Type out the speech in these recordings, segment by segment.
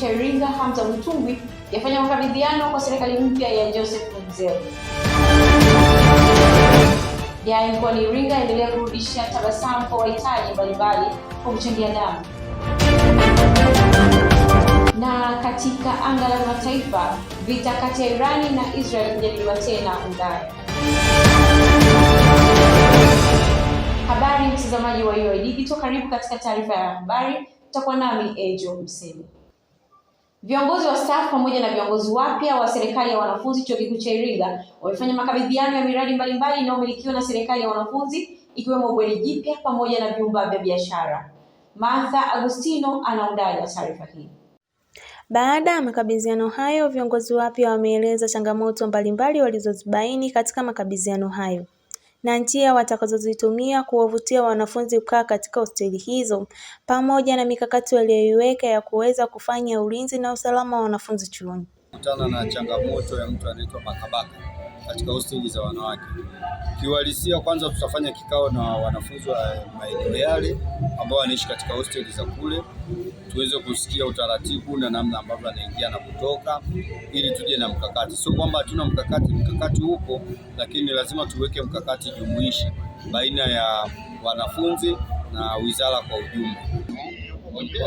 Cheringa Hamza Mtungwi yafanya makabidhiano kwa serikali mpya ya Joseph Mzee. Jaya mkoani Iringa endelea kurudisha tabasamu kwa wahitaji mbalimbali kwa kuchangia damu. Na katika anga la mataifa, vita kati ya Irani na Israel kujadiliwa tena undani. Habari mtazamaji wa UoI Digital, karibu katika taarifa ya habari, utakuwa nami Angel Mseni. Viongozi wa stafu pamoja na viongozi wapya wa serikali ya wanafunzi chuo kikuu cha Iringa wamefanya makabidhiano ya miradi mbalimbali inayomilikiwa na serikali ya wanafunzi ikiwemo bweni jipya pamoja na vyumba vya biashara. Martha Agustino anaundani wa taarifa hii. Baada ya makabidhiano hayo, viongozi wapya wameeleza changamoto mbalimbali walizozibaini katika makabidhiano hayo na njia watakazozitumia kuwavutia wanafunzi kukaa katika hosteli hizo, pamoja na mikakati waliyoiweka ya kuweza kufanya ulinzi na usalama wa wanafunzi chuoni. Kutana na changamoto ya mtu anaitwa Makabaka katika hosteli za wanawake. Kiuhalisia, kwanza tutafanya kikao na wanafunzi wa maeneo yale ambao wanaishi katika hosteli za kule, tuweze kusikia utaratibu na namna ambavyo anaingia na kutoka, ili tuje na mkakati. Sio kwamba hatuna mkakati, mkakati huko, lakini lazima tuweke mkakati jumuishi baina ya wanafunzi na wizara kwa ujumla ni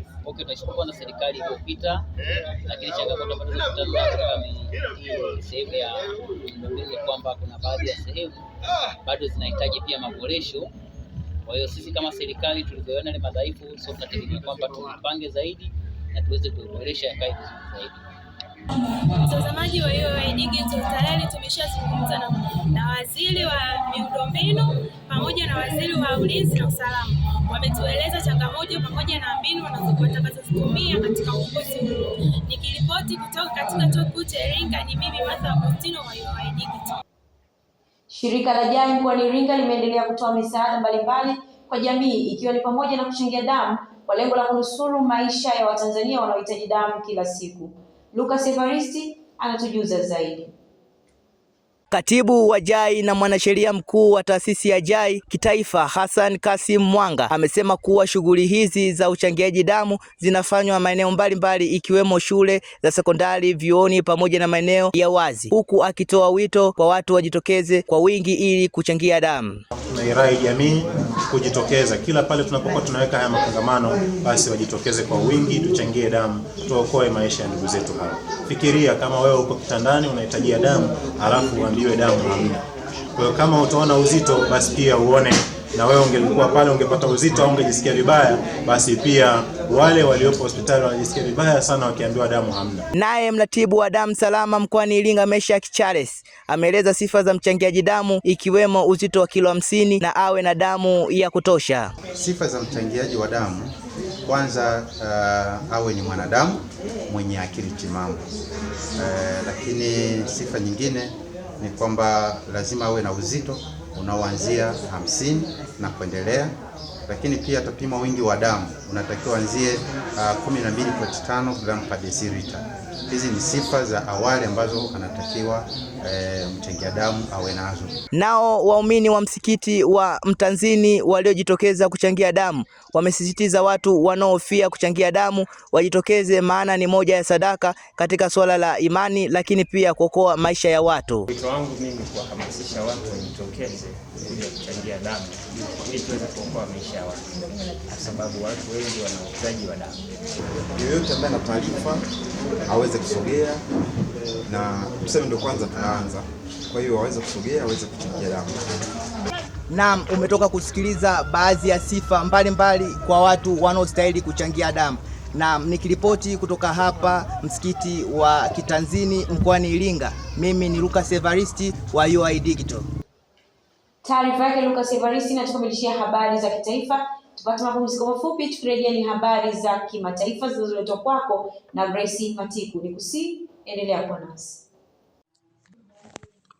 kwamba okay, tunashukuru kwanza serikali iliyopita, lakini changamoto ambazo tunakutana katika sehemu ya miundombinu kwamba kuna baadhi ya sehemu bado zinahitaji pia maboresho. Kwa hiyo sisi kama serikali tulivyoona ile madhaifu, so tunategemea kwamba tupange zaidi na tuweze kuboresha yakae vizuri zaidi. Mtazamaji wa UoI Digital, tayari tumeshazungumza na waziri wa miundombinu pamoja na waziri wa ulinzi na usalama, wametueleza changamoto pamoja na mbinu watakazozitumia katika uongozi huu. Nikiripoti kutoka katika chuo kikuu cha Iringa, ni mimi Martha Agustino wa UoI Digital. Shirika la JAI mkoani Iringa limeendelea kutoa misaada mbalimbali kwa jamii ikiwa ni pamoja na kuchangia damu kwa lengo la kunusuru maisha ya Watanzania wanaohitaji damu kila siku. Lucas Evaristi anatujuza zaidi. Katibu wa JAI na mwanasheria mkuu wa taasisi ya JAI kitaifa Hassan Kasim Mwanga amesema kuwa shughuli hizi za uchangiaji damu zinafanywa maeneo mbalimbali ikiwemo shule za sekondari, vioni pamoja na maeneo ya wazi, huku akitoa wito kwa watu wajitokeze kwa wingi ili kuchangia damu. Tunairai jamii kujitokeza kila pale tunapokuwa tunaweka haya makongamano, basi wajitokeze kwa wingi, tuchangie damu, tuokoe maisha ya ndugu zetu hapa. Fikiria kama wewe uko kitandani unahitajia damu halafu uambiwe damu hamna. Kwa hiyo kama utaona uzito, basi pia uone na wewe ungelikuwa pale ungepata uzito au ungejisikia vibaya, basi pia wale waliopo hospitali wanajisikia vibaya sana wakiambiwa damu hamna. Naye mratibu wa damu salama mkoani Iringa, mesha Charles, ameeleza sifa za mchangiaji damu ikiwemo uzito wa kilo hamsini na awe na damu ya kutosha. Sifa za mchangiaji wa damu kwanza, uh, awe ni mwanadamu mwenye akili timamu. Uh, lakini sifa nyingine ni kwamba lazima awe na uzito unaoanzia hamsini na kuendelea lakini pia atapima wingi wa damu, unatakiwa anzie uh, 12.5 gram per deciliter. Hizi ni sifa za awali ambazo anatakiwa e, mchangia damu awe nazo. Nao waumini wa msikiti wa Mtanzini waliojitokeza kuchangia damu wamesisitiza watu wanaohofia kuchangia damu wajitokeze, maana ni moja ya sadaka katika suala la imani, lakini pia kuokoa maisha ya watu. Wito wangu mimi kuwahamasisha watu wajitokeze kuja kuchangia damu ili tuweze kuokoa maisha ya watu, kwa sababu watu wengi wana uhitaji wa damu. Yoyote ambaye ana taarifa aweze kusogea, na tuseme ndio kwanza tunaanza, kwa hiyo aweze kusogea, aweze kuchangia damu. Naam, umetoka kusikiliza baadhi ya sifa mbalimbali mbali kwa watu wanaostahili kuchangia damu. Naam, nikiripoti kutoka hapa msikiti wa Kitanzini mkoani Iringa, mimi ni Lucas Evaristi wa UoI Digital. Taarifa yake Lucas Evaristi inatukamilishia habari za kitaifa. Tupate mapumziko mafupi, tukirejea ni habari za kimataifa zinazoletwa kwako na Grace Matiku. Ni kusi endelea kuwa nasi.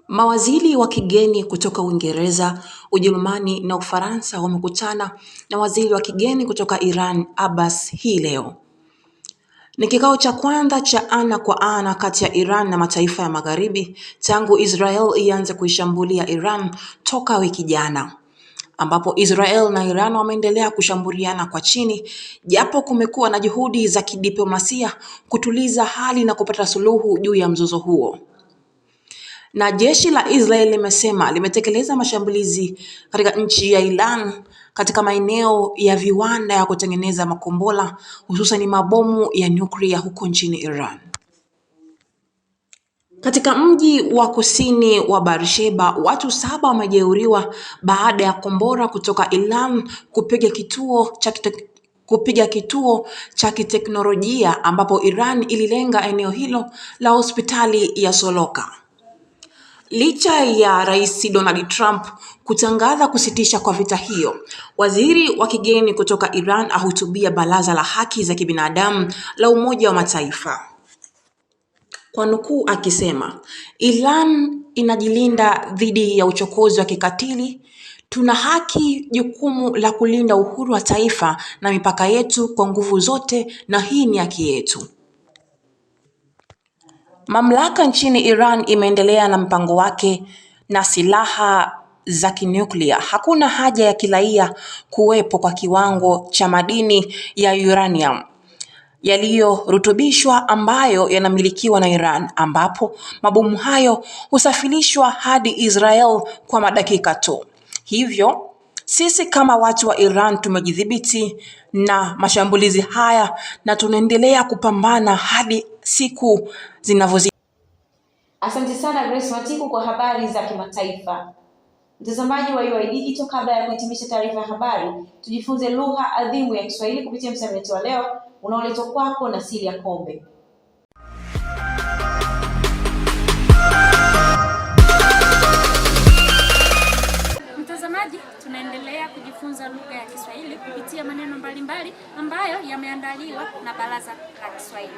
Mawaziri wa kigeni kutoka Uingereza, Ujerumani na Ufaransa wamekutana na waziri wa kigeni kutoka Iran Abbas hii leo. Ni kikao cha kwanza cha ana kwa ana kati ya Iran na mataifa ya Magharibi tangu Israel ianze kuishambulia Iran toka wiki jana, ambapo Israel na Iran wameendelea kushambuliana kwa chini, japo kumekuwa na juhudi za kidiplomasia kutuliza hali na kupata suluhu juu ya mzozo huo na jeshi la Israel limesema limetekeleza mashambulizi katika nchi ya Iran katika maeneo ya viwanda ya kutengeneza makombora hususan mabomu ya nyuklia huko nchini Iran. Katika mji wa kusini wa Beersheba watu saba wamejeruhiwa baada ya kombora kutoka Iran kupiga kituo cha kupiga kituo cha kiteknolojia ambapo Iran ililenga eneo hilo la hospitali ya Soroka. Licha ya Rais Donald Trump kutangaza kusitisha kwa vita hiyo, waziri wa kigeni kutoka Iran ahutubia Baraza la Haki za Kibinadamu la Umoja wa Mataifa kwa nukuu akisema, Iran inajilinda dhidi ya uchokozi wa kikatili. Tuna haki, jukumu la kulinda uhuru wa taifa na mipaka yetu kwa nguvu zote, na hii ni haki yetu. Mamlaka nchini Iran imeendelea na mpango wake na silaha za kinuklia. Hakuna haja ya kiraia kuwepo kwa kiwango cha madini ya uranium yaliyorutubishwa ambayo yanamilikiwa na Iran, ambapo mabomu hayo husafirishwa hadi Israel kwa madakika tu. Hivyo sisi kama watu wa Iran tumejidhibiti na mashambulizi haya na tunaendelea kupambana hadi siku zinavyozidi. Asante sana Grace Matiku kwa habari za kimataifa. Mtazamaji wa UoI Digital, kabla ya kuhitimisha taarifa ya habari, tujifunze lugha adhimu ya Kiswahili kupitia msamiati wa leo unaoletwa kwako na Silia Kombe. tunaendelea kujifunza lugha ya Kiswahili kupitia maneno mbalimbali ambayo yameandaliwa na Baraza la Kiswahili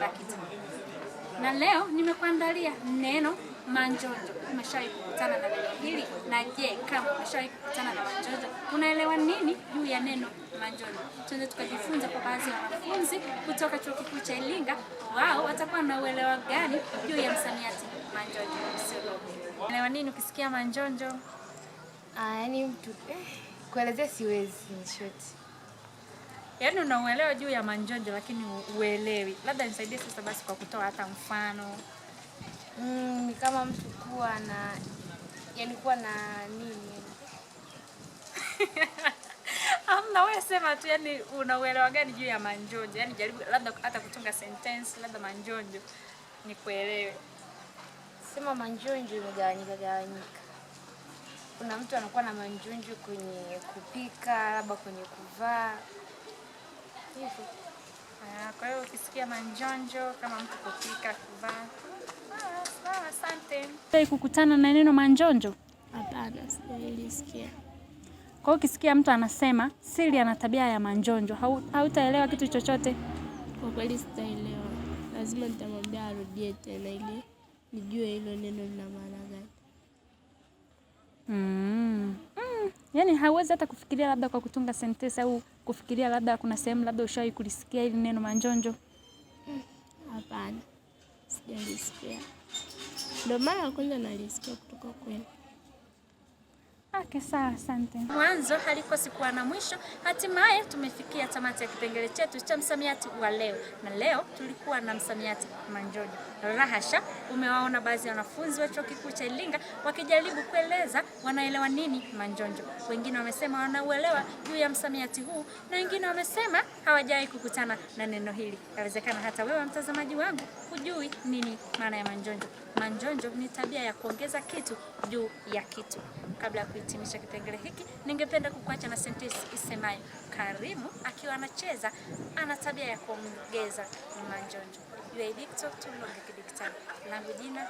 BAKITA, na leo nimekuandalia neno manjonjo. Umeshawahi kukutana na neno hili? Na je, kama umeshawahi kukutana na manjonjo, unaelewa nini juu ya neno manjonjo? Tuende tukajifunza kwa baadhi ya wanafunzi kutoka Chuo Kikuu cha Iringa, wao watakuwa na uelewa gani juu ya msamiati manjonjo. Unaelewa nini ukisikia manjonjo? Ah, yaani mtu kuelezea siwezi in short. Yaani unauelewa juu ya manjonjo lakini uelewi. Labda nisaidie sasa basi kwa kutoa hata mfano. Mm, ni kama mtu kuwa na yani kuwa na nini? Yaani. amna wewe sema tu, yani unauelewa gani juu ya manjonjo? Yaani jaribu labda hata kutunga sentence labda manjonjo nikuelewe. Sema manjonjo imegawanyika gawanyika kuna mtu anakuwa na manjunju kwenye kupika, labda kwenye kuvaa hivyo. Kwa hiyo ukisikia manjonjo kama mtu kupika, kuvaa. Ah, ah, asante. Kukutana na neno manjonjo? Hapana, sijaisikia. Kwa hiyo ukisikia mtu anasema Siri ana tabia ya manjonjo, hautaelewa kitu chochote. Kwa kweli sitaelewa, lazima nitamwambia arudie tena ili nijue hilo neno lina maana gani. Mm. Mm. Yaani hauwezi hata kufikiria labda kwa kutunga sentensi au kufikiria labda kuna sehemu labda ushawahi kulisikia hili neno manjonjo? Hapana. Sijalisikia. Ndio maana kwanza nalisikia kutoka kwenu yake. sawa, asante. Mwanzo haliko sikuwa na mwisho, hatimaye tumefikia tamati ya kipengele chetu cha msamiati wa leo, na leo tulikuwa na msamiati Manjoni. Rahasha, umewaona baadhi ya wanafunzi wa chuo kikuu cha Iringa wakijaribu kueleza wanaelewa nini manjonjo. Wengine wamesema wanauelewa juu ya msamiati huu na wengine wamesema hawajawahi kukutana na neno hili. Inawezekana hata wewe mtazamaji wangu hujui nini maana ya manjonjo. Manjonjo ni tabia ya kuongeza kitu juu ya kitu. Kabla ya kuhitimisha kipengele hiki, ningependa kukuacha na sentensi isemayo Karimu akiwa anacheza ana tabia ya kuongeza manjonjo. Langu jina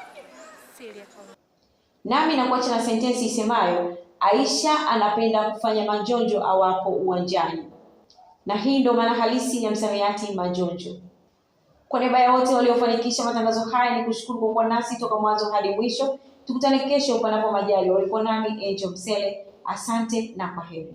Nami nakuacha na sentensi isemayo Aisha anapenda kufanya manjonjo awapo uwanjani. Na hii ndo maana halisi ya msamiati manjonjo. Kwa niaba ya wote waliofanikisha matangazo haya, ni kushukuru kwa kuwa nasi toka mwanzo hadi mwisho. Tukutane kesho upanapo majali. Walikuwa nami Angel Msele, asante na kwaheri.